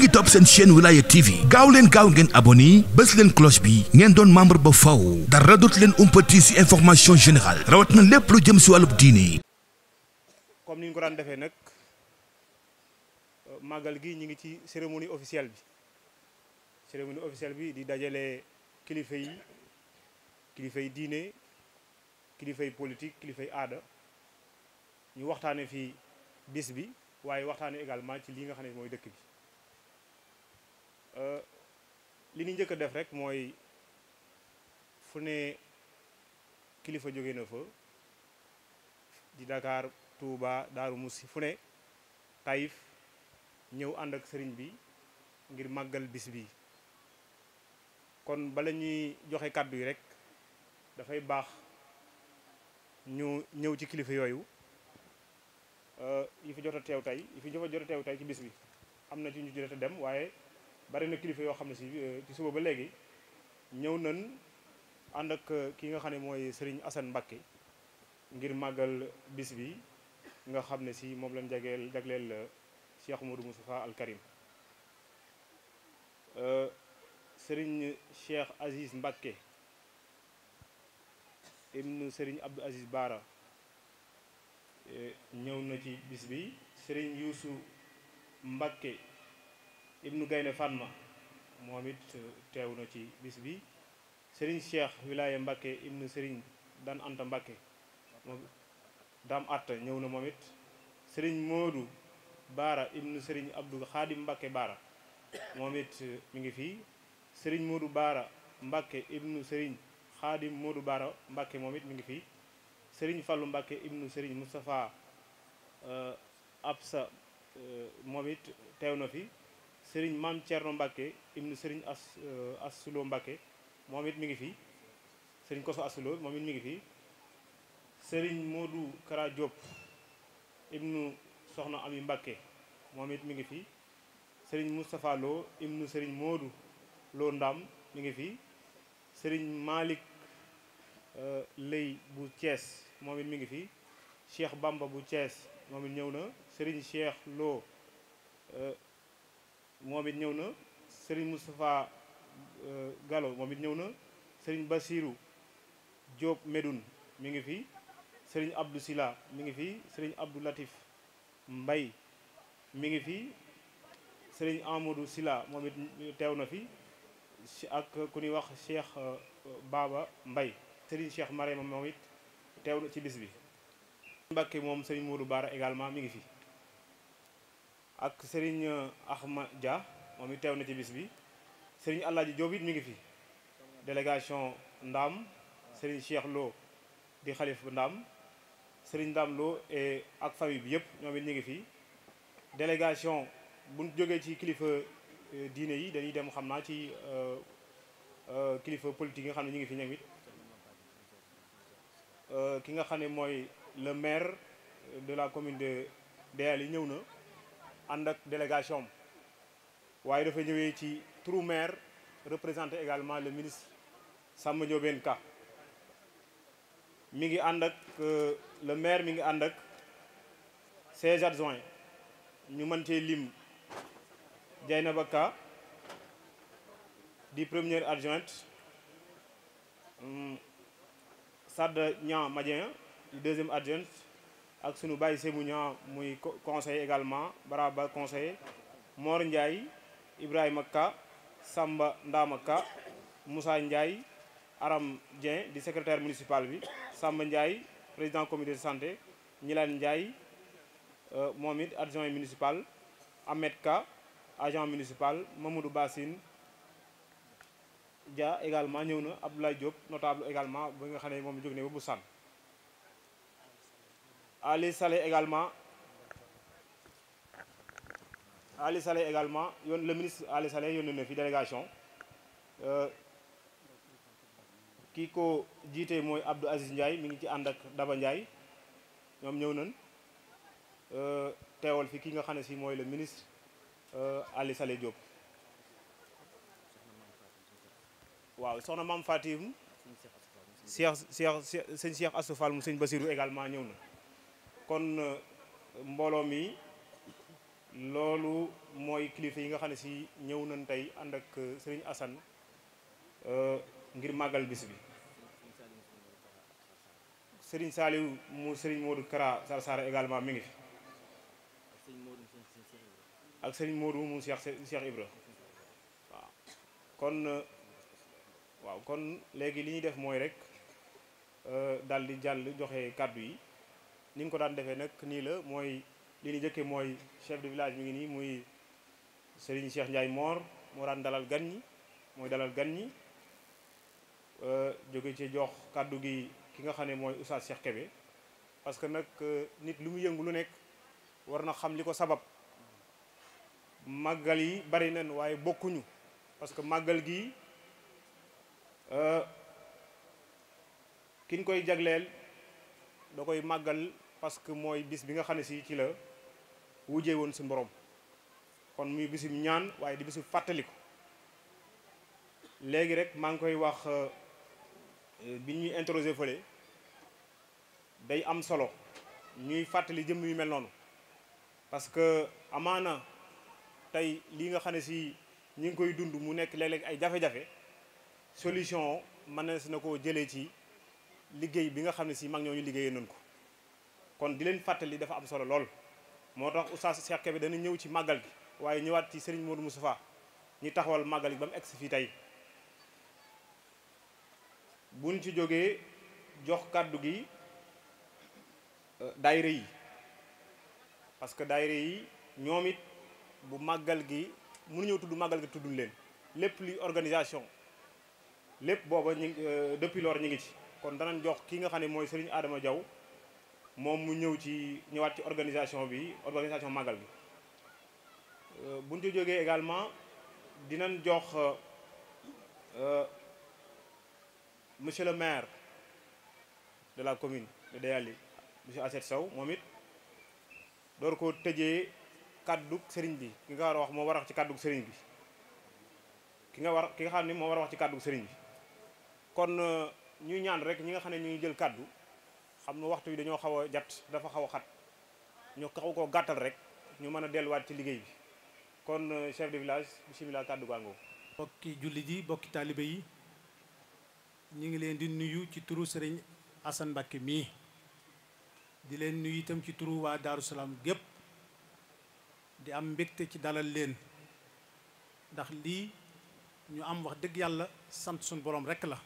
ngi topp seen chaîne wilaya tv gaaw leen gaaw ngeen abonné bés leen cloche bi ngeen doon membre ba faw dara dootu leen umpati si information générale rawat na lépp lu jëm si wàllub diine comme ni ñu ko daan defee nag màggal gi ñu ngi ci cérémonie officielle bi cérémonie officielle bi di dajale kilifa yi kilifa yi diine kilifa yi politique kilifa yi aada ñu waxtaane fii bis bi waaye waxtaane également ci li nga xam ne mooy dëkk bi Euh, li ñu njëkk a def rek mooy fu ne kilifa jóge na fa di Dakar tuuba Daaru mus fu ne Taïf ñëw ànd ak sëriñ bi ngir màggal bis bi kon bala ñuy joxe kàddu yi rek dafay baax ñu ñëw ci kilifa yooyu euh, yi fi jot a teew tey yi fi jot a teew tey ci bis bi am na ci ñu jot a dem waaye bari na kilifa yoo xam ne si euh, ci suba ba léegi ñëw nañ ànd ak euh, ki nga xam ne mooy sëriñ Assane mbakke ngir màggal bis bi nga xam ne si moom lañ jageel jagleel euh, Cheikh Modou Moustapha Al sëriñ Serigne Cheikh Aziz Mbacké ibnu sëriñ Abdou Aziz Bara ñëw na ci bis bi Serigne Youssou Mbacké ibnu gaynde Fatma moom it teew na ci bis bi Serigne Cheikh Wilaya Mbacke ibnu Serigne Dan Anta Mbacke moom Atta ñëw na moom it Serigne Modou Baara ibnu Serigne Abdou Khadim Mbacke Baara moom it ngi fi Serigne Modou Baara Mbacke ibnu Serigne Khadim Modou Baara Mbacke moom it mi ngi fi Serigne Fallou Mbacke ibnu Serigne Moustapha euh, Absa euh, moom it teew na fi. sëriñ maam Thierno Mbacke ibnu sëriñ as euh, Asulo Mbacke moom it mi ngi fi sëriñ Koso Asulo moom it mi ngi fi sëriñ Modou Kara Diop ibnu soxna Ami Mbacke moomit it mi ngi fii sëriñ Moustapha Lo ibnu sëriñ Modou Lo Ndam mi ngi fi sëriñ Malick euh, Lay bu cees moom it mi ngi fi Cheikh Bamba bu Thiès moom ñëw na sëriñ Cheikh Lo. Euh, moom it ñëw na Serigne Moustapha euh, Gallo moom it ñëw na Serigne Bassirou Diop Medoun mi ngi fii Serigne Abdou Sila mi ngi fii Serigne Abdou Latif Mbay mi ngi fi Serigne Amadou Sila moom it teew na fi ak ku ñuy wax Cheikh euh, Baba Mbay Serigne Cheikh Marema moom it teew na ci bis bi Mbàkke moom Serigne Modou Bara également mi ngi fi ak Serigne Ahma Dia moom it teew na ci bis bi Serigne Alaaji Diop it mi ngi fi délégation ndaam Serigne Cheikh di xalif bu Ndam Serigne Ndam Lo et ak famille bi yëpp ñoom it ñu ngi fi délégation bu ñu jógee ci kilifa euh, diine yi dañuy dem xam naa ci euh, euh, kilifa politique yi nga xam ne ñu ngi fi ñoom it ki nga xam ne mooy le maire de la commune de yi ñëw na. ànd ak délégation waaye dafa ñëwee ci trou maire représenté également le ministre Samba Ndiobène Ka mi ngi ànd ak euh, le maire mi ngi ànd ak ses adjoints ñu mën cee lim Dieynaba Ka di première adjointe hmm, Sada Niang Madien di deuxième adjointe ak sunu bàyyi Sémouña muy conseil également Baraba conseil moor Ndiaye Ibrahima Ka Samba Ndama Ka Moussa Ndiaye Aram Dieng di secretaire municipal bi Samba Ndiaye président comité de santé Ñilaan Ndiaye euh, moom it adjoint municipal Ahmed Ka agent municipal Mamadou Bassine Dia également ñëw na Abdoulaye Diop notable également bi nga xam ne moom jóg ne ba bu sànn Ali Saleh également Ali Saleh également yoon le ministre Ali Saleh yónnee na fi délégation euh, kii ko jiite mooy Abdou Aziz Ndiaye mi ngi ci ànd ak Daba Ndiaye ñoom ñëw nañ euh, teewal fi ki nga xam ne si mooy le ministre euh, Ali Saleh waaw soxna Mame Fatim Cheikh Cheikh sëñ Cheikh Astou Fall mu sëñ Basirou également ñëw na kon euh, mbooloo mi loolu mooy kilifa yi nga xam ne si ñëw nañ tey ànd ak euh, sëriñ Assane euh, ngir màggal bis bi sëriñ Saliou mu sëriñ Modou Kara Sar également mi ngi fi ak sëriñ Modou mu Cheikh Cheikh Ibra kon waaw kon léegi li ñuy def mooy rek daal di jàll joxe kàddu yi ni ko daan defee nag nii la mooy li ñu jëkkee mooy chef village mi ngi nii muy Serigne Cheikh Ndiaye Mor moo daan dalal gan ñi mooy dalal gan ñi jóge ci jox kàddu gi ki nga xam ne mooy Oustaz parce que nag nit lu mu yëngu nekk war na xam li ko sabab màggal yi bari nañ waaye bokkuñu parce que màggal gi kiñ koy jagleel da koy màggal parce que mooy bis bi nga xam ne si ci la wujjee woon si borom kon muy bisub ñaan waaye di fàttali ko léegi rek maa ngi koy wax euh, bi ñuy interroger fële day am solo ñuy fàttali jëmm yu mel noonu parce que amaana tey lii nga xam ne si ñu ngi koy dund mu nekk léeg-léeg ay jafe-jafe solution mënees na koo jëlee ci liggéey bi nga xam ne si mag ñooñu liggéeyee noonu ko kon di leen fàttali dafa am solo lool moo tax oustaz Cheikh bi dana ñëw ci màggal gi waaye ñëwaat ci Serigne Modou Moustapha ñu taxawal màggal gi ba mu egsi fii tey buñ ci jógee jox kàddu gi euh, daayira yi parce que daayira yi ñoom it bu màggal gi mënuñoo tudd màggal gi tuddul leen lépp luy organisation lépp booba ñu euh, depuis lors ñu ngi ci kon danañ jox ki nga xam ne mooy Serigne Adama Diaw moom mu ñëw ci ñëwaat ci organisation bi organisation màggal bi euh, bu ñu ci jógee également dinañ jox euh, euh, monsieur le maire de la commune de Dayali monsieur Asset Sow moom it door ko tëjee kàddug sëriñ bi ki nga war a wax moo war a wax ci kàddug sëriñ bi ki nga war ki nga xam ne moo war wax ci kàddug sëriñ kon ñuy ñaan rek ñi nga xam ne ñu ngi jël kàddu xam na waxtu wi dañoo xaw a dafa xaw a xat ñu xaw koo gàttal rek ñu mën a delluwaat ci liggéey bi kon euh, chef de village bisimilah kàddu gàngoo bokki julli ji bokki taalibe yi ñu ngi leen di nuyu ci turu sëriñ Assane Mbacké mii di leen nuyu itam ci turu waa Daaru gépp di am mbégte ci dalal leen ndax lii ñu am wax dëgg yàlla sant suñu borom rekk la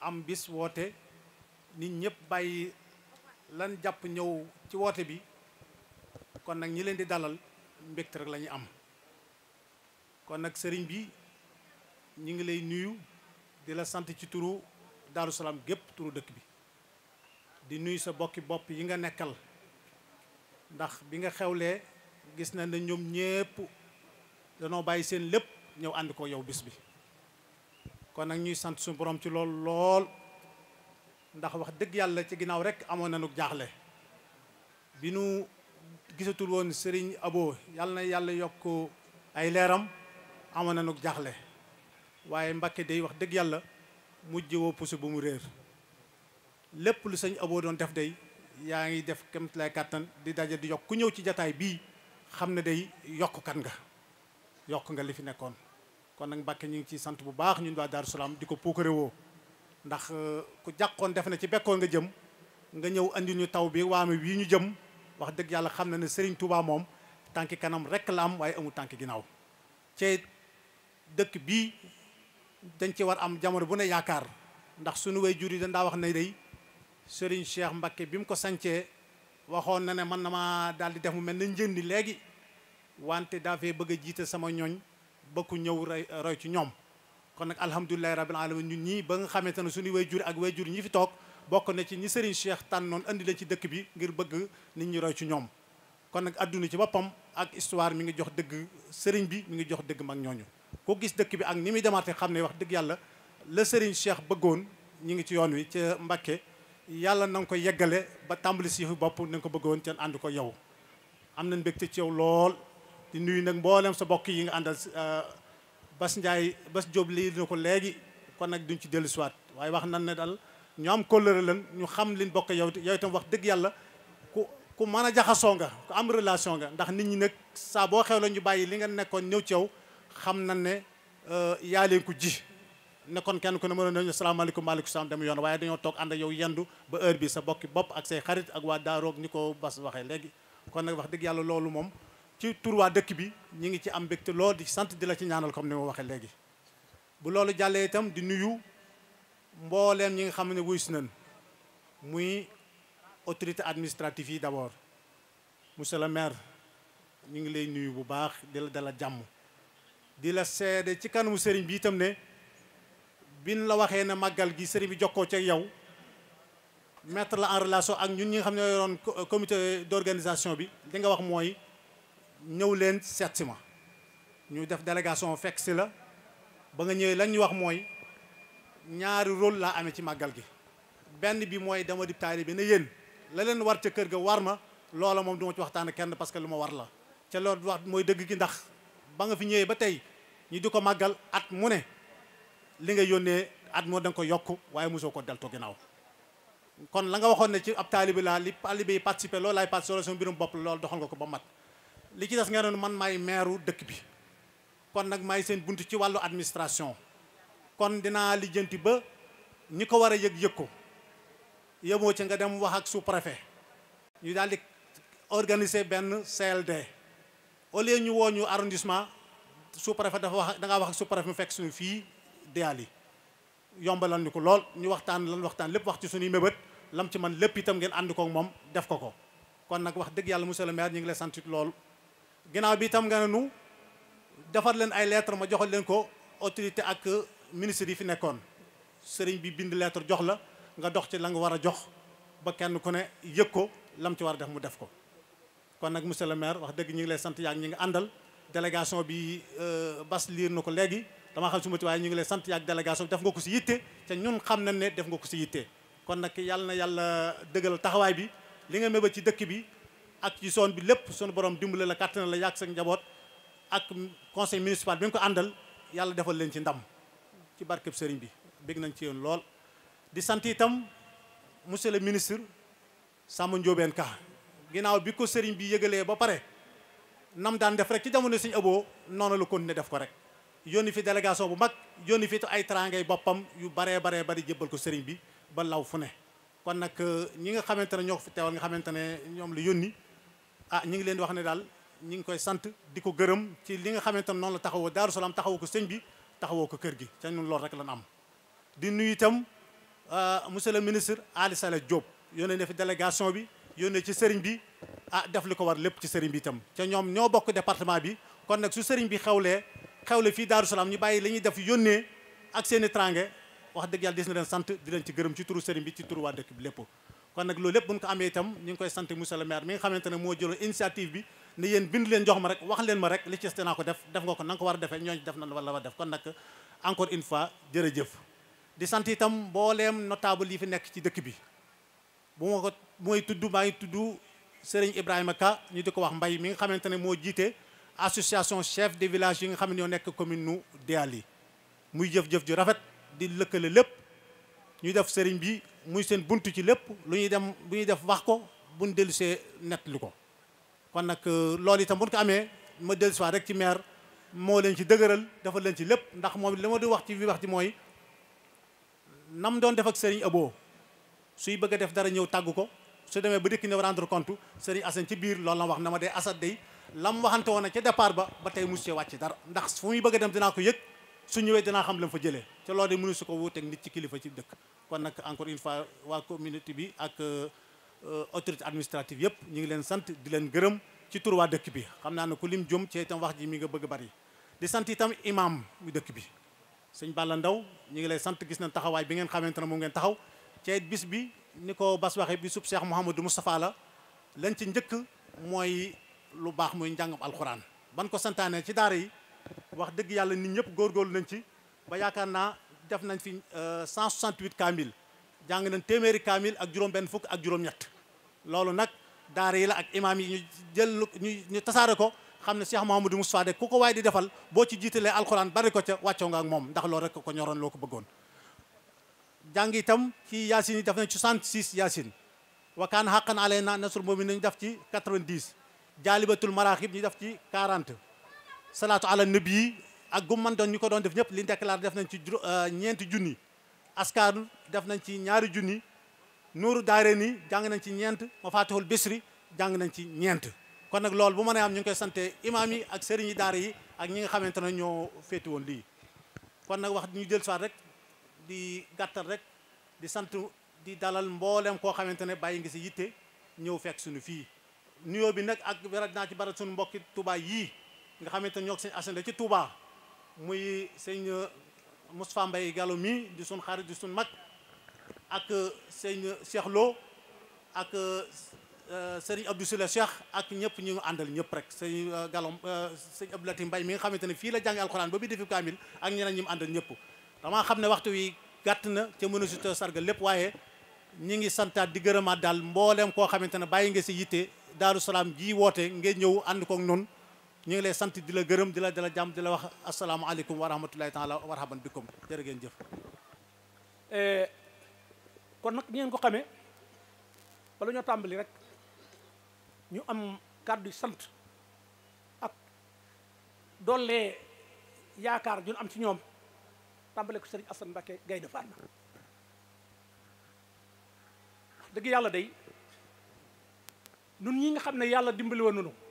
am bis woote nit ñëpp bàyyi lan jàpp ñëw ci woote bi kon nag ñi leen di dalal mbégte rek la am kon nag sëriñ bi ñu ngi lay nuyu di la sant ci turu Daaru Salaam gépp turu dëkk bi di nuyu sa bokki bopp yi nga nekkal ndax bi nga xewlee gis na ne ñoom ñépp danoo bàyyi seen lépp ñëw ànd ko yow bis bi kon nag ñuy sant suñu borom ci lool lool ndax wax dëgg yàlla ci ginnaaw rek amoon nañu jaaxle bi nu gisatul woon Serigne Abo yàlla na yàlla yokk ay leeram amoon nañu jaaxle waaye Mbàkke day wax dëgg yàlla mujj woo puso bu mu réer lépp lu sëñ Abo doon def day yaa ngi def kemt kàttan di daje di yokk ku ñëw ci jataay bii xam ne day yokk kan nga yokk nga li fi nekkoon kon nag Mbàkke ñu ngi ciy sant bu baax ñun waa Daaru Salaam di ko puukare woo ndax euh, ku jàqoon def na ci bekkoon nga jëm nga ñëw indi ñu taw bi waame wii ñu jëm wax dëgg yàlla xam na ne Serigne Touba moom tànki kanam rek la am waaye amul tànki ginnaaw ci dëkk bii dañ ci war am jamono bu ne yaakaar ndax su nu way jur yi daa wax na day Serigne Cheikh Mbacké bi mu ko sancee waxoon na ne man na maa daal di def mu mel na njëndi léegi wante daa fee bëgg a jiite sama ñooñ ba ku ñëw roy ci ñoom kon nag alhamdulilahi rabbil alamin ñun ñii ba nga xamante ne suñu way jur ak way jur ñi fi toog bokk na ci ñi sëriñ Cheikh tànnoon andi la ci dëkk bi ngir bëgg nit ñi roy ci ñoom kon nag adduna ci boppam ak histoire mi ngi jox dëgg Serigne bi mu ngi jox dëgg mag ñooñu ko gis dëkk bi ak ni muy demaate xam ne wax dëgg yàlla la Serigne Cheikh bëggoon ñu ngi ci yoon wi ca Mbacké yàlla na nga ko yeggale ba tàmbali si fi bopp na nga ko bëggoon te ànd ko yow am nañ mbégte ci yow lool di nuyu nag mboolem sa bokk yi nga àndal euh, Bas Ndiaye Bas Diop lii na ko léegi kon nag duñ ci dellu siwaat waaye wax nan ne daal ñu am kóllëre leen ñu xam liñ bokk yow yow itam wax dëgg yàlla ku ku mën a jaxasoo nga ku am relation nga ndax nit ñi nag saa boo xew la ñu bàyyi li nga nekkoon ñëw ci yow xam nan ne euh, yaa leen ku ji nekkoon kenn ku ne mën nañu salaamaaleykum maaleykum salaam dem yoon waaye dañoo toog ànd ak yow yendu ba heure bi sa bokki bopp ak say xarit ak waa daaroog ni ko Bas waxee léegi kon nag wax dëgg yàlla loolu moom ci tur waa dëkk bi ñu ngi ci am mbégte lool di sant di la ci ñaanal comme ni ma waxee léegi bu loolu jàllee itam di nuyu mbooleem ñi nga xam ne wuy si nañ muy autorité administrative yi d'abord monsieur le maire ñu ngi lay nuyu bu baax di la dala jàmm di la seede ci kanamu sëriñ bi itam ne bin la waxee ne màggal gi sëriñ bi jokkoo ca yow mettre la en relation ak ñun ñu nga xam ne yoroon comité d'organisation bi li nga wax mooy ñëw leen seet si ma ñu def délégation fekk si la ba nga ñëwee lañ ñu wax mooy ñaari role laa amee ci màggal gi benn bi mooy dama di taalibe ne yéen la leen war ca kër ga war ma loola moom du ma ci waxtaan kenn parce que lu ma war la ca loolu wax mooy dëgg gi ndax ba nga fi ñëwee ba tey ñu di ko màggal at mu ne li nga yónnee at moo da ko yokk waaye mosoo ko delto ginnaaw kon la nga waxoon ne ci ab taalibe laa li taalibe yi loolu laay participer sama ko ba mat li ci des nga doon man maay meeru dëkk bi kon nag maay seen bunt ci wàllu administration kon dina lijjanti ba ñi ko war a yëg yëg ko yemoo ci nga dem wax ak sous-préfet ñu daal di organiser benn CLD au ñu woo ñu arrondissement sous-préfet dafa wax da ngaa wax ak sous-préfet mu fekk suñu fii Déaly yombalal ñu ko lool ñu waxtaan lan waxtaan lépp wax ci suñuy mébét lam ci man lépp itam ngeen ànd kook moom def ko ko kon nag wax dëgg yàlla mu le maire ñu ngi lay sant lool. ginnaaw bi itam nga ne nu defar leen ay lettre ma joxal leen ko autorité ak ministre yi fi nekkoon sëriñ bi bind lettre jox la nga dox ci la nga war a jox ba kenn ku ne yëg ko lam ci war a def mu def ko kon nag monsieur le maire wax dëgg ñu ngi lay sant yaag ñi ngi àndal délégation bi euh, bas liir na ko léegi dama xam su ma ci waaye ñu ngi lay sant yaag délégation bi def nga ko si yitte te ñun xam na ne def nga ko si yitte kon nag yàlla na yàlla dëggal taxawaay bi li nga mébal ci dëkk bi ak ci zone bi lépp sunu boroom dimbale la kàttan la yàgg sa njaboot ak conseil municipal bi nga ko àndal yàlla defal leen ci ndam ci barkeb sëriñ bi bég nañ ci yoon lool. di sant itam monsieur le ministre Samba Ndiobène Ka ginnaaw bi ko sëriñ bi yëgalee ba pare nam daan def rek ci jamono suñu ëbboo noonu la continuer def ko rek. yónni fi délégation bu mag yónni fi ay teraangay boppam yu baree baree bari jébbal ko sëriñ bi ba law fu ne kon nag ñi nga xamante ne ñoo ko nga xamante ne ñoom la yónni. ah ñu ngi leen di wax ne daal ñu ngi koy sant di ko gërëm ci li nga xamante ne noonu la taxawoo Daaru Salaam taxawoo ko sëñ bi taxawoo ko kër gi ca ñu loolu rek lan am di nuyu itam ah, monsieur le ministre Ali Sall Diop yónnee na fi délégation bi yónnee ci sëriñ bi ah def li ko war lépp ci sëriñ bi itam ca ñoom ñoo bokk département bi kon nag su sëriñ bi xewlee xewle fii Daaru Salaam ñu bàyyi la ñuy def yónnee ak seen i wax dëgg yàlla des na leen sant di leen ci gërëm ci turu sëriñ bi ci turu waa dëkk bi lépp kon nag loolu lépp buñ ko amee itam ñu ngi koy sant monsieur le maire mi nga xamante ne moo jëloon initiative bi ne yéen bind leen jox ma rek wax leen ma rek li ci des naa ko def def nga ko na nga ko war a defee ñooñu def na encore une fois jërëjëf di sant itam mbooleem notable yi fi nekk ci dëkk bi bu ma ko mooy tudd tudd Serigne Ibrahima Ka ñu di ko wax mbay mi nga xamante ne moo jiite association chef de village yi nga xam ne ñoo nekk commune nu Déaly muy jëf-jëf ju rafet di lëkkale lépp ñu def Serigne bi muy seen bunt ci lépp lu ñuy dem bu ñuy def wax ko buñ dellusee nettali ko kon nag lool euh, loolu itam buñ ko amee ma dellusiwaat rek ci maire moo leen ci dëgëral dafa leen ci lépp ndax moom li ma di wax ci bi wax ci mooy nam doon def ak Serigne Abo suy bëgg a def dara ñëw tàggu ko su demee ba dikk ñëw rendre compte Serigne Assane ci biir loolu la wax na ma dee Assane day lam waxante woon ca départ ba ba tey musie wàcc dara ndax fu muy bëgg a dem dinaa ko yëg su ñëwee dinaa xam la mu fa jëlee te loolu de mënu su ko ci kilifa ci dëkk kon nag encore une fois waa communauté bi ak euh, autorité administrative yëpp ñu ngi leen sant di leen gërëm ci tur dëkk bi xam naa ne ku lim jum ci itam wax ji mi nga bëgg bari di sant itam imam mu dëkk bi sëñ Balla Ndaw ñu ngi lay sant gis nañ taxawaay bi ngeen xamante ne moom ngeen taxaw ci bis bi ni ko Bas waxee bi sub Cheikh Mouhamadou Moustapha la lañ ci njëkk mooy lu baax muy njàngam alxuraan ban ko santaane ci daara yi wax dëgg yàlla nit ñëpp def nañ fi 168 euh, kaamil jàng nañ téeméeri kaamil ak juróom-benn fukk ak juróom-ñett loolu nag daara yi la ak imaam yi ñu jël ñu ñu tasaare ko xam ne Cheikh Mouhamadou Moustapha de ku ko waaye di defal boo ci jiitalee alxuraan bari ko ca wàccoo nga ak moom ndax loolu rek ko ñoroon loo ko bëggoon. jàng itam ci yaasin yi def nañ 66 yaasin wa kaan xaqan alayna nasrul mu'minin nañu def ci 90 jaalibatul maraaxib ñu def ci 40 salaatu ak gu man doon ñu ko doon def ñëpp li ñu déclaré def nañ ci euh, ñeenti junni askaanu def nañ ci ñaari junni nuuru daare nii jàng nañ ci ñeent ma faatixul bisri jàng nañ ci ñeent kon nag loolu bu mën a am ñu ngi koy sante imaam yi ak sëriñ yi daara yi ak ñi nga xamante ne ñoo féeti woon lii kon nag wax ñu jël soit rek di gàttal rek di sant di dalal mboolem koo xamante ne bàyyi nga si yitte ñëw fekk suñu fii nuyoo bi nag ak berat naa ci barat suñu mbokki Touba nga xamante ne ñoo ko seen ci Touba muy sëñ Moustapha mbay Gallo mi di suñ xarit di suñ mag ak sëñ Cheikh Lo ak euh, sëriñ Abdou Sula Cheikh ak ñëpp ñu àndal ñëpp rek sëñ euh, Gallo euh, sëñ Abdou Latif Mbaye mi nga xamante ne fii la jàngi alxuraan ba bi defi kaamil ak ñeneen ñi mu àndal ñëpp dama xam ne waxtu wi gàtt na ca mën a lépp waaye ñi ngi santaat di gërëmaat daal mbooleem koo xamante ne bàyyi nga si yitte Daaru Salaam ji woote ngeen ñëw ànd kook noonu ñu ngi lay sant di la gërëm di la di la jàmm di la wax asalaamaaleykum wa rahmatulahi taala wa marhaban bikum jërë ngeen jëf eh, kon nag ngeen ko xamee bala tàmbali rek ñu am kàddu sant ak doole yaakaar ñun am ci ñoom tàmbale ko sëriñ Assane Mbacké Gaynde yàlla day nun ñi nga xam ne yàlla dimbali woon nunu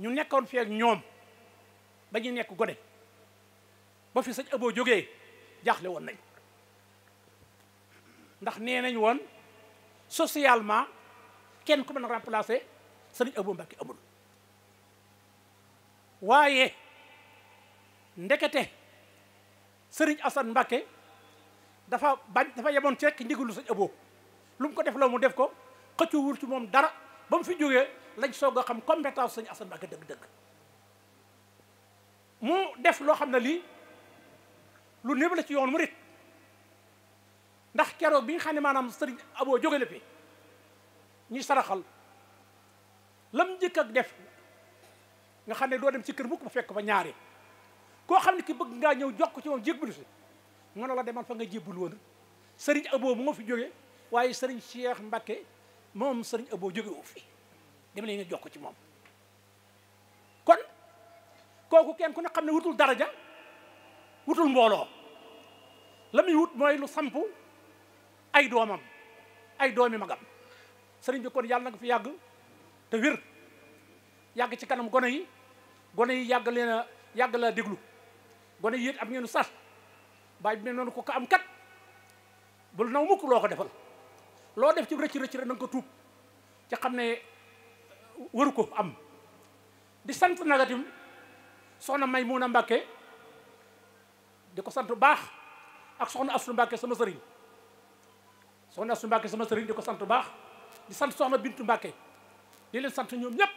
ñu nekkoon fi ak ñoom ba ñu nekk gone ba fi sëñ aboo jógee jaaxle woon nañ ndax nee nañ woon socialement kenn ku mën a remplacer sëriñ aboo mbàkke amul waaye ndekete sëriñ asan mbàkke dafa bañ dafa yemoon ci rekk ndigalu sëñ aboo lu ko def la mu def ko xëccu wul ci moom dara ba mu fi jógee lañ soog a xam compétence Sëñ Assane Mbacké dëgg-dëgg mu def loo xam ne lii lu néew la ci yoon murit ndax keroog bi nga xam ne maanaam sëriñ aboo jóge na fi ñuy saraxal lam njëkk ak def nga xam ne doo dem ci kër mukk ba fekk fa ñaari koo xam ne ki bëgg ngaa ñëw jox ko ci moom jébbalu si mu ne la demal fa nga jébbalu woon sëriñ aboo mu nga fi jóge waaye sëriñ Cheikh Mbacké moom sëriñ aboo jóge wu fi dem leen jox ko ci moom kon kooku kenn ku ne xam ne wutul daraja wutul mbooloo la muy wut mooy lu samp ay doomam ay doomi magam sëriñ bi kon yàlla na nga fi yàgg te wér yàgg ci kanam gone yi gone yi yàgg leen a yàgg laa déglu gone yi it am ngeen sas bàyyi bi mel noonu ko ko am kat bul naw mukk loo ko defal loo def ci rëcc rëcc rek na nga ko tuub ci xam ne waru ko am di sant nagatim soxna may a mbàkke di ko sant baax ak soxna astu mbàkke sama sëriñ soxna astu mbàkke sama sëriñ di ko sant baax di sant soxna bintu mbàkke di leen sant ñoom ñépp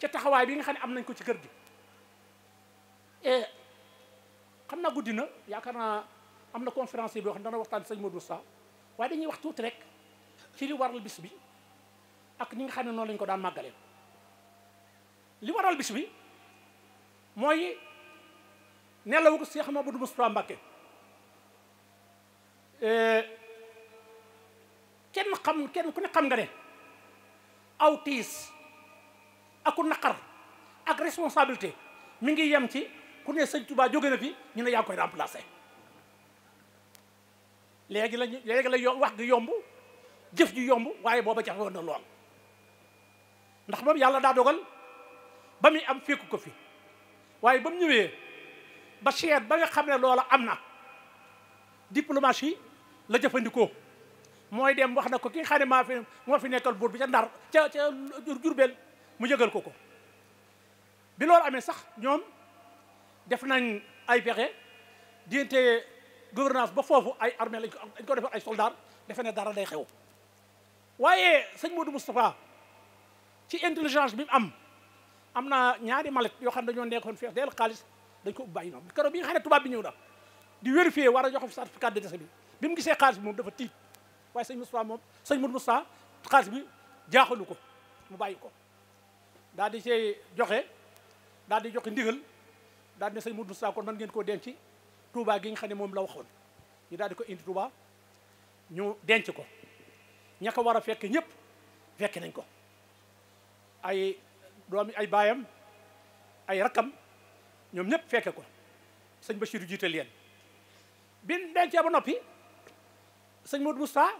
ca taxawaay bi nga xam ne am nañ ko ci kër gi e, xam naa guddi na yaakaar naa am na conférence bi wax dana waxtaan sëñ Modou Sa waaye dañuy wax tuuti rek ci li waral bis bi ak ñu ngi xam ne noonu lañu ko daan màggalee li waral bis bi mooy nelawu ko Cheikh Mamadou Moustapha Mbacké eh, kenn xam kenn ku ne xam nga ne aw tiis aku naqar ak responsabilité mu ngi yem ci ku ne sëñ tubaa jóge na fi ñu ne yaa koy remplacé léegi lañu léegi la wax gi yomb jëf ji yomb waaye booba jafe woon na lool ndax moom yàlla daa dogal ba muy am fekku ko fi waaye ba mu ñëwee ba seet ba nga xam ne loola am na diplomatie la jëfandikoo mooy dem wax na ko ki xane xam maa fi moo fi nekkal buur bi ca ndar ca ca jurbeel mu yëgal ko ko bi loolu amee sax ñoom def nañ ay pexe diggante gouvernance ba foofu ay armée lañ ko dañ ko defar ay soldat defe ne dara day xew waaye sëñ Modou Moustapha ci intelligence bi am am naa ñaari malet yoo xam ne dañoo nekkoon fees del xaalis dañ ko ubbi bàyyi noonu keroog bi nga xam ne tubaab bi ñëw da di vérifier war a joxe certificat de décès bi bi mu gisee xaalis bi moom dafa tiit waaye sëñ Moustapha moom sëñ Modou Moustapha xaalis bi jaaxalu ko mu bàyyi ko daal di cay joxe daal di joxe ndigal daal di ne sëñ Modou Moustapha kon ko ngeen koo denc Touba gi nga xam ne moom la waxoon ñu daal di ko indi Touba ñu denc ko ña ko war a fekk ñëpp fekk nañ ko ay doom ay baayam ay rakkam ñoom ñëpp fekke ko sëñ ba Bachir jiite leen bin dencee ba noppi sëñ Modou Moustapha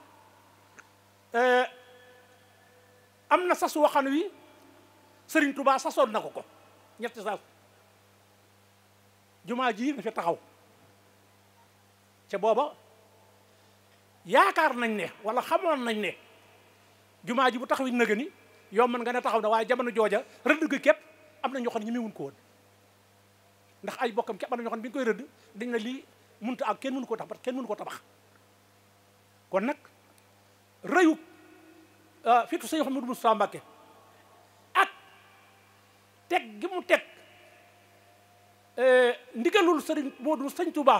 eh, am na sasu waxan wi Serigne Touba sasoon na ko ko ñetti sas jumaa ji na fi taxaw ca booba yaakaar nañ ne wala xamoon nañ ne jumaa ji bu taxawi nëgë ni yow mën nga ne taxaw na waaye jamono jooja rëdd gi képp am na ñoo xam ne ñemewuñ ko woon ndax ay bokkam képp na ñoo xam ne bi koy rëdd dañ na lii mënut ak kenn munu koo tabax kenn mënu koo tabax kon nag rëyu euh, fitu sëñ Mouhamadou Moustapha Mbacké ak teg gi mu teg euh, ndigalul sëriñ Modou sëñ Touba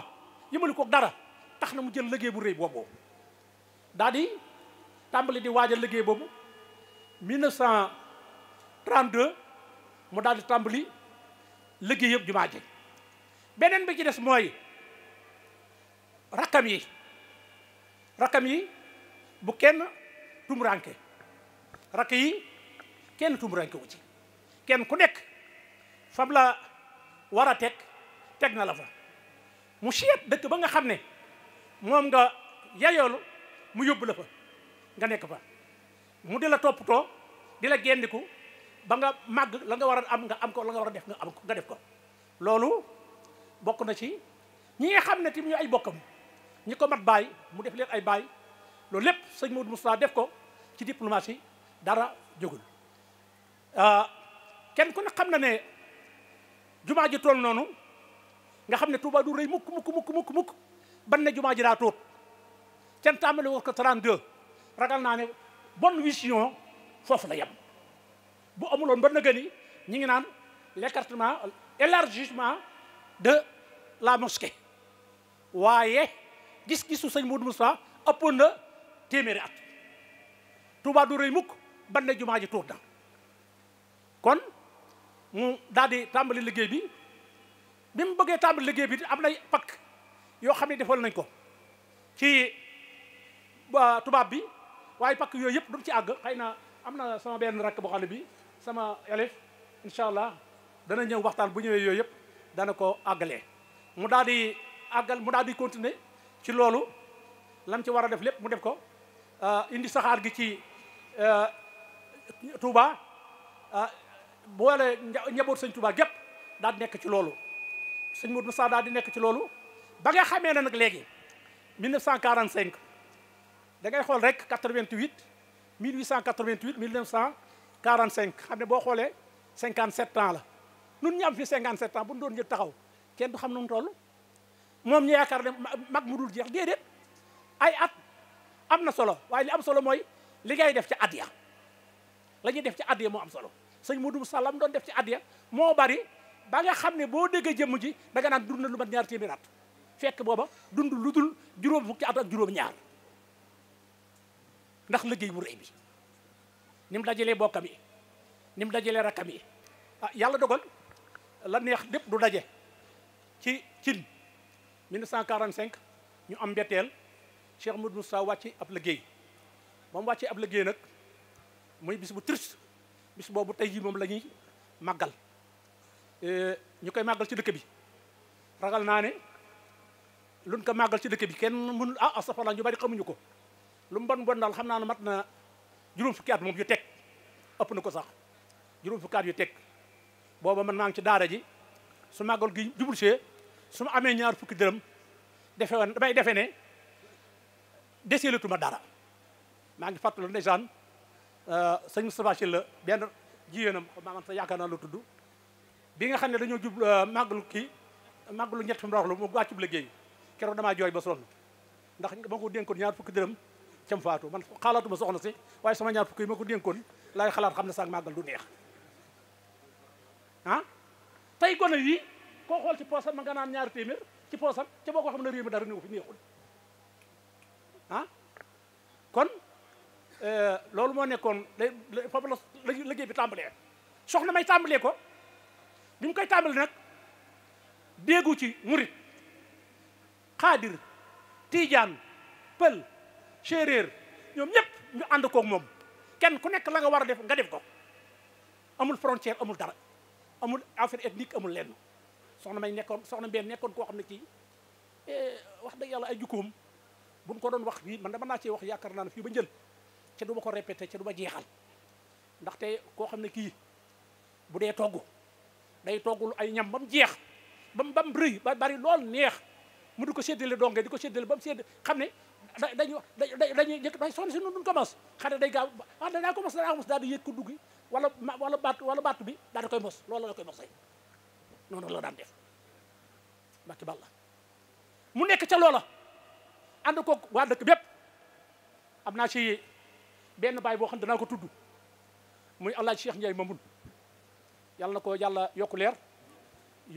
yëmali ko dara tax na mu jël liggéey bu rëy boobu daal di tàmbali di waajal liggéey boobu 1932 mu daal di tàmbali liggéey yëpp jumaa beneen bi ci des mooy rakkam yi rakkam yi bu kenn tumuranke rakk yi kenn tumuranke wu ci kenn ku nekk fam la war a teg teg na la fa mu siyet dëkk ba nga xam ne moom nga yayoolu mu yóbbu la fa nga nekk fa mu de la toppatoo di la gendiku ba nga màgg la nga war a am nga am ko la nga war a def nga am ko nga def ko loolu bokk na ci ñi nga xam ne tim ñu ay bokkam ñi ko mat baay mu def leen ay baay loolu lépp sëñ Modou Moustapha def ko ci diplomatie dara jógul euh, kenn ku ne xam na ne jumaa ji toll noonu nga xam ne Touba du rëy mukk mukk mukk mukk mukk ban ne jumaa ji daa tuut kenn tàmbali war ko 32 ragal naa ne bonne vision foofu la yem bu amuloon ba nëgë ni ñi ngi naan l'écartement élargissement de la mosquée waaye gis-gisu sëñ Modou Moustapha ëppoon na téeméeri at Touba du rëy mukk ban ne jumaa ji tuur na kon mu daal tàmbali liggéey bi bi mu bëggee tàmbali liggéey bi di am nay pakk yoo xam ne defal nañ ko ci euh, tubaab bi waaye pakk yooyu yëpp du ci àgg xëy na am na sama benn rakk boo xale bi sama élève incha allah dana ñëw waxtaan bu ñëwee yooyu yëpp dana ko àggalee mu daal di àggal mu daal di continuer ci loolu lam ci war a def lépp mu def ko ah, indi saxaar gi ci ah, Touba ah, boole njaboot sëñ Touba gépp daal di nekk ci loolu sëñ Modou Moussa daal di nekk ci loolu ba xamee na nag léegi 1945 da ngay xool rek 88 1888 1945 xam ne boo xoolee 57 ans la nun ñu am fi 57 ans bu ñu doon jël taxaw kenn du xam nu mu toll moom ñu yaakaar ne mag mu dul jeex déedéet ay at am na solo waaye li am solo mooy li ngay def ci at ya la ñuy def ci at ya moo am solo sëñ Modou Sallam doon def ci at ya moo bari ba nga xam ne boo déggee jëmm ji da nga naan dund na lu mat ñaar téeméer at fekk booba dund lu dul juróom fukki at ak juróom ñaar ndax liggéey bu rëy bi ni mu dajalee bokkam yi ni dajalee rakkam yi ah yàlla dogal la neex dépp du daje ci cin 1945 ñu am mbetteel Cheikh du Moussa wàcc ab liggéey moom wàccee ab liggéey nag muy bis bu triste bis boobu tey jii moom la ñuy màggal eh, ñu koy màggal ci dëkk bi ragal naa ne luñ ko màggal ci dëkk bi kenn mënul ah astafurlah ñu bari xamuñu ko lu mu mbon bon daal xam naa ne mat na juróom fukki at moom yu teg ëpp na ko sax juróom fukki at yu teg booba man maa ngi ci daara ji su màggal gi jubul see su ma amee ñaar fukki dërëm defe wan damay defe ne deseelatuma dara maa ngi fàttalu ndeysaan euh, sëñ Moustapha Sylla la benn jigéenam xam naa man sa yaakaar naa la tudd bi nga xam ne dañoo jub euh, màggalu kii màggalu ñett fi mu roxlu mu wàccub liggéey keroog damaa jooy ba sonn ndax ba ma ko dénkoon ñaar fukki dërëm cam faatu man xalaatuma soxna si waaye sama ñaar fukk yi ma ko dénkoon laay xalaat xam ne sax màggal du neex ah tey gone yi koo xool ci poosam ma nga naan ñaari téeméer ci poosam ci boo ko xam ne réew mi fi neexul ah? kon euh, loolu moo nekkoon day foofu la liggéey bi tàmbalee soxna may tàmbalee ko bi mu koy tàmbali nag déggu ci murit xaadir tiijaan pël séeréer ñoom ñëpp ñu ànd koog moom kenn ku nekk la nga war a def nga def ko amul frontière amul dara amul affaire ethnique amul lenn soxna may nekkoon soxna mbeen nekkoon koo xam ne kii eh, wax dëgg yàlla ay jukkoom buñ ko doon wax fii man na man naa cee wax yaakaar naa ne fii ba njël ca du ma ko répété ca du ma jeexal ndaxte koo xam ne kii bu dee togg day toggul ay ñam ba mu jeex ba bam ba mu rëy ba bari lool neex mu di ko séddale donge di ko séddale ba mu sédd xam ne da dañuy dañuy njëkk day sonn si nun duñ commence xane day gaaw ah danaa commence danaa commence ko dugg wala wala baat wala baatu bi daal koy mos loolu la ko mos say noonu la daan def mbàkki nekk ca loola ànd koog waa dëkk bépp am naa ci benn baay boo xam ne danaa ko tudd muy Alaaji Cheikh Ndiaye Mamoun yàlla na ko yàlla yokku leer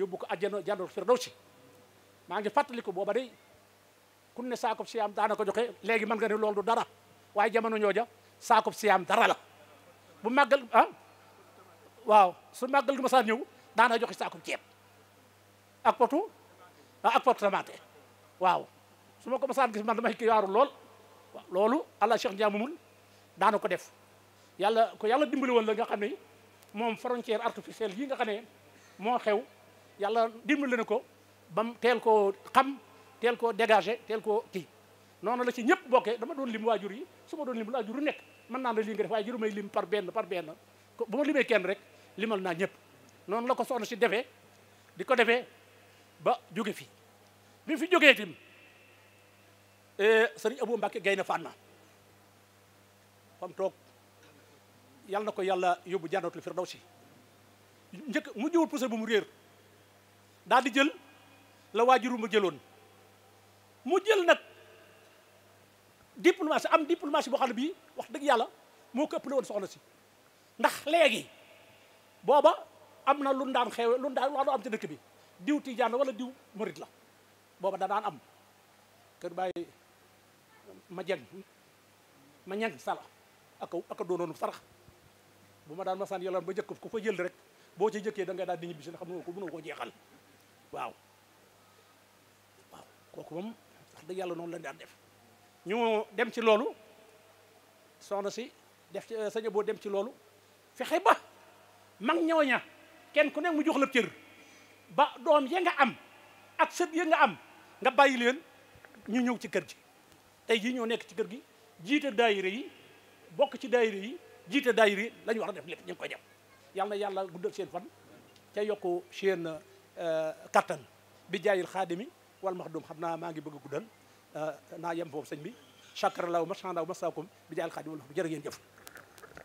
ko àjjana jàndoor firdaw si maa ngi fàttali ko booba day ku ne saakub siyaam daana ko joxe léegi mën nga ne loolu dara waaye jamono ñooja saakub siyaam dara la bu màggal a ah, waaw su màggal gi ma saa ñëw daana joxe saakub ceeb ak potu ah, ak potu tamaate waaw su ma ko masaan gis man damay ki waaru lool loolu allah cheikh ndiamumul daana ko def yàlla ko yàlla dimbali woon la nga xam ne moom frontière artificielle yi nga xam ne moo xew yàlla dimbali na ko bam teel ko xam teel koo dégagé teel koo ki noonu la ci ñëpp bokkee dama doon lim waajur yi su ma doon lim waajur yu nekk mën naa la lii nga def waaye juru may lim par benn par benn bu ma limee kenn rek limal naa ñëpp noonu la ko soxna si defe di ko defe ba jóge fi bi mu fi jógee tim e, sëriñ Abou Mbacke Gaynde Fatma fam toog yàlla na ko yàlla yóbbu daw si njëkk mu ñëwul pousse bu mu réer daal di jël la waajuru ma jëloon mu jël nag diplomatie am diplomatie boo xam ne bii wax dëgg yàlla moo ko ëppale woon soxna si ndax léegi booba am na lu daan xew lu ndaan am ci dëkk bi diw tijaan wala diw murit la booba da daan am kër bàyyi ma jeng ma ñang sala aka aka doonoonu sarax bu ma daan ma masaan yoloon ba jëkk ku ko jël rek boo ci jëkkee da ngay daal di ñibbisi xam nga ko mënoo ko jeexal waaw waaw kooku dëgg yàlla noonu lañ am def ñu dem ci loolu soxna si def ci euh, saña boo dem ci loolu fexe ba mag ñooña kenn ku nekk mu jox la cër ba doom ya nga am ak sët ya nga am nga bàyyi leen ñu ñëw ci kër gi tey jii ñoo nekk ci kër gi jiite daayira yi bokk ci daayira yi jiite daayira yi la war a def lekk ñu ngi koy def yàlla na yàlla guddal seen fan ca yokku seen euh, kattan bi jaayil xaadimi wal max doom xam naa maa ngi bëgg a guddal naa yem foofu sëñ bi chakra law ma chandaw ma saakum bi jaal xaadim wala jërë ngeen jëf